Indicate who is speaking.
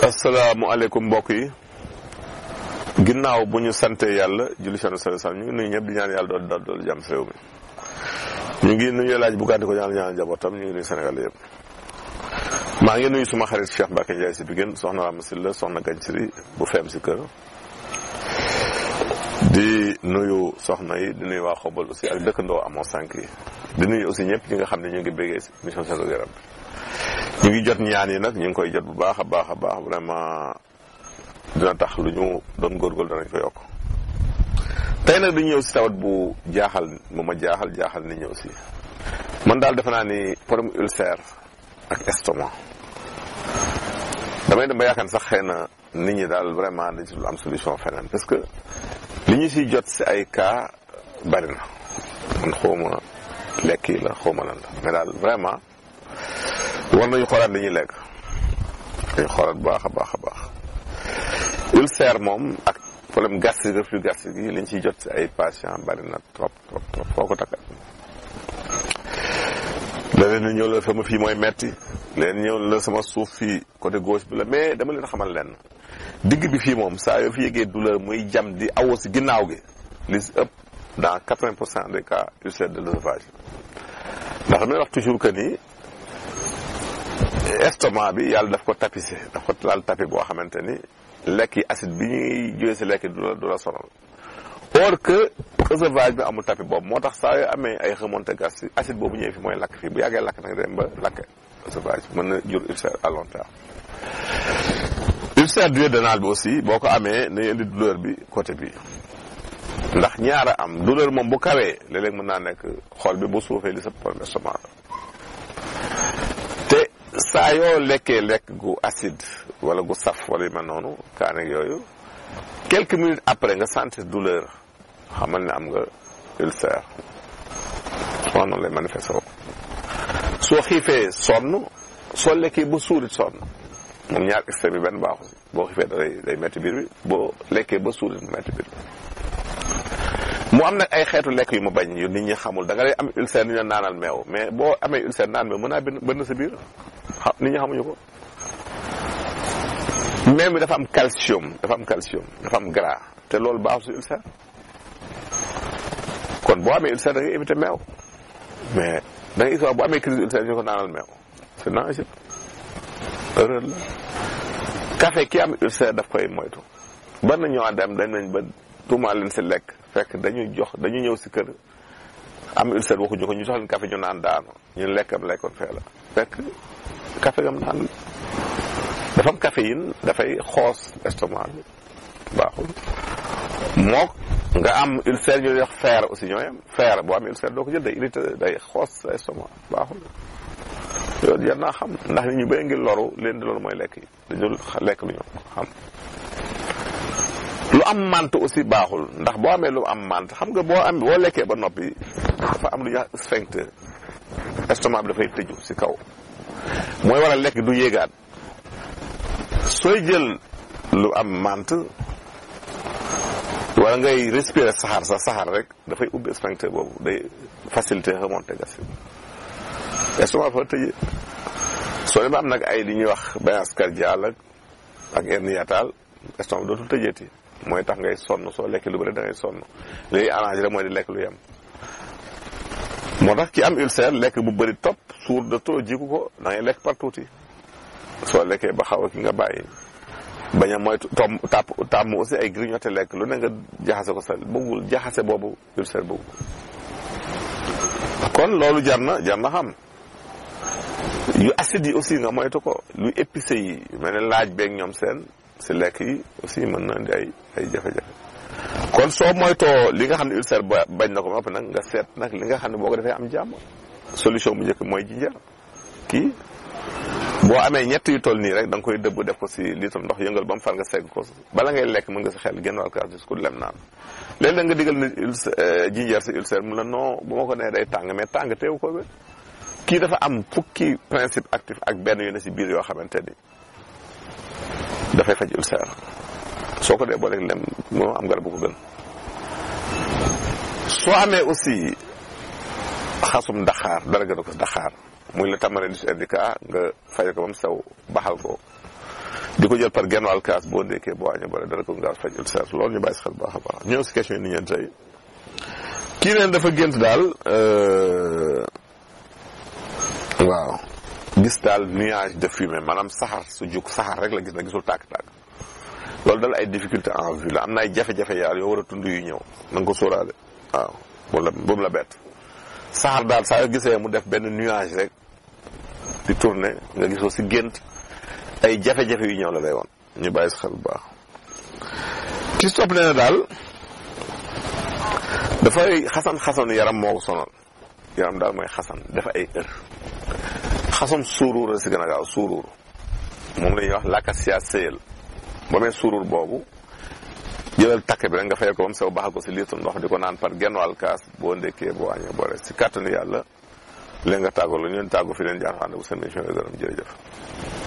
Speaker 1: asalaamualeykum mbokk yi ginnaaw bu ñu santee yàlla julli seen salaam ñu ngi nuyu ñëpp di ñaan yàlla dool dool dool jàmm si réew mi ñu ngi nuyu laaj bu gàtt ko ñaan ñaan njabootam ñu ngi nuyu Sénégal yëpp maa ngi nuyu suma xarit Cheikh Mbacke Ndiaye si Biguène soxna Rama Sylla soxna Gañsiri bu feem si kër di nuyu soxna yi di nuyu waa Xobal aussi ak dëkkandoo amoo sànq yi di nuyu aussi ñëpp ñi nga xam ne ñu ngi béggee si mission seen yaram bi ñu ngi jot ñaan yi nag ñu ngi koy jot bu baax a baax a baax vraiment dina tax lu ñu doon góorgóorlu danañ ko yokk tey nag dañu ñëw si tawat bu jaaxal bu ma jaaxal jaaxal ni ñëw si man daal defe naa ni problème ulcère ak estomac damay dem ba yaakaar sax xëy na nit ñi daal vraiment dañ si lu am solution feneen parce que li ñu si jot si ay kaa bari na man xawma lekk yi la xawma lan la daal vraiment war nañu xoolaat li ñuy lekk dañu xoolaat baax a baax a baax ulcère moom ak problème gastrique reflux gastrique yi liñ ciy jot si ay patient bari na trop trop trop foo ko takkat ñëw la sama fii mooy metti leneen ñëw la sama suuf fii côté gauche bi la mais dama leen xamal lenn digg bi fii moom saa yoo fi yëgee douleur muy jam di awoo si ginnaaw gi li si ëpp dans quatre-vingts pour cent des cas ulcère de l'œsophage ndax damay wax toujours que ni estomac bi yàlla daf ko tapissé daf ko laal tapi boo xamante ni lekk yi acide bi ñuy jóge si lekk yi du la du la sonal or que œsophage bi amul tapi boobu moo tax saa amee ay remontée gastrique acide boobu ñëwee fi mooy lakk fii bu yàggee lakk nag dem ba lakk œsophage mën na jur ulcère à long terme ulcère duodénal bi aussi boo ko amee na indi douleur bi côté bi ndax ñaara am douleur moom bu kawee léeg mën naa nekk xool bi bu suufee li sa problème estomac saa yoo lekkee lekk gu acide wala gu saf wala yu mel noonu kaaneeg yooyu quelques minutes après nga sentir douleur xamal ni am nga ulcère soo noonu lay xiifee sonn soo lekkee ba suurit sonn moom ñaar extrême yi benn baaxu boo xiifee da day metti biir bi boo lekkee ba suurit mu metti biir bi mu am nag ay xeetu lekk yu mu bañ yu nit ñi xamul da nga lay am ulcère ni ñu naanal meew mais boo amee ulcère naan meew mën naa bënn sa biir nit ñi xamuñu ko meew mi dafa am calcium dafa am calcium dafa am gras te loolu baax su ulcère kon boo amee ulcère da ngay éviter meew mais da ngay histoire boo amee crise ulcère ñu ko naanal meew c'est dangereux erreur la café ki am ulcère daf koy moytu ban na ñoo dem dañ nañ ba tuumaal leen seen lekk fekk dañuy jox dañu ñëw si kër am ulcère waxuñu ko ñu jox leen café ñu naan daanu ñu lekkam lekkoon fee la fekk café gam naan dafa am caféine dafay xoos estomac bi baaxul mook nga am ulcère ñu jox fer aussi ñooy am fer boo am ulcère doo ko jël day irrité day xoos sa estomac baaxul yooyu jar naa xam ndax nit ñu bëri ngir loru leen di loolu mooy lekk yi dañu lekk lu ñu xam lu am mante aussi baaxul ndax boo amee lu am mante xam nga boo am boo lekkee ba noppi dafa am lu ñuy wax sphincter estomac bi dafay tëju si kaw mooy wala a lekk du yéegaat sooy jël lu am mante wala ngay respirer saxaar sa saxaar rek dafay ubbi sphincter boobu day faciliter remontée gastrique estomac dafa tëjee soo ba am nag ay li ñuy wax béance cardiaque ak hernie hiatale estomac dootul tëjeeti mooy tax ngay sonn soo lekkee lu bëri da ngay sonn léegi arrangé rek mooy di lekk lu yem. moo tax ki am ulcère lekk bu bari top suur de trop jiku ko da ngay lekk par tuuti soo lekkee ba xaw a ki nga bàyyi bañ a mooy tom tàpp tàmm aussi ay grignoté lekk lu ne nga jaxase ko sa bëggul jaxase boobu ulcère boobu. kon loolu jar na jar na xam yu acide yi aussi nga moytu ko lu épicé yi mel ne laaj beek ñoom seen. si lekk yi aussi mën na indi ay ay jafe-jafe kon soo moytoo li nga xam ne ulcère ba bañ na ko ba nag nga seet nag li nga xam ne boo ko defee am jàmm solution bu njëkk mooy jinjar kii boo amee ñett yu toll nii rek danga koy dëbb def ko si litre ndox yëngal ba mu far nga segg ko bala ngay lekk mën nga si xel génn wàll kaas ku lem naan léeg da nga digal ne euh, jinjar si ulcère mu la noo bu ma ko nee day tàng mais tàng teew ko bi kii dafa am fukki principe actif ak benn yu ne biir yoo xamante ni dafay faj ulcère soo ko dee booleeg ndem mo am garbu ko gën so amé aussi khasum dakhar dara gënu ko dakhar muy la tamare di syndicat nga fay ko bam saw baxal ko diko jël par genn wàll kaas boo ndékkee boo aña bale dara ko nga faj ulcère lool ñu bay xal xel baax a baax ñëw si question ni ñen tay ki len dafa gënt dal euh waaw gis daal nuage de fumée maanaam saxar su jug saxar rek la gis na gisul tàkk-tàkk loolu dal ay difficulté en vue la am na ay jafe-jafe yaal yoo war a tund yu ñëw na nga ko sóoraale waaw boobu la boobu la bett saxar daal saa yoo gisee mu def benn nuage rek di tourner nga gisoo si gént ay jafe-jafe yu ñëw la lay woon ñu bàyyi si xel bu baax ki stop nee na daal dafay xasan xasanu yaram moo ko sonal yaram daal mooy xasan def ay heure façon suuruur la si gën a gaaw suuruur moom la ñuy wax l'acacia séel ba boobu jëlal takk bi rek nga fay ko bam sew baxal ko si liitu ndox di ko naan par genn wàll boo ndekkee boo añee boo si kàttanu yàlla leen nga tàggoo la ñun tàggu fi leen di ànd ak seen émission yi gërëm jërëjëf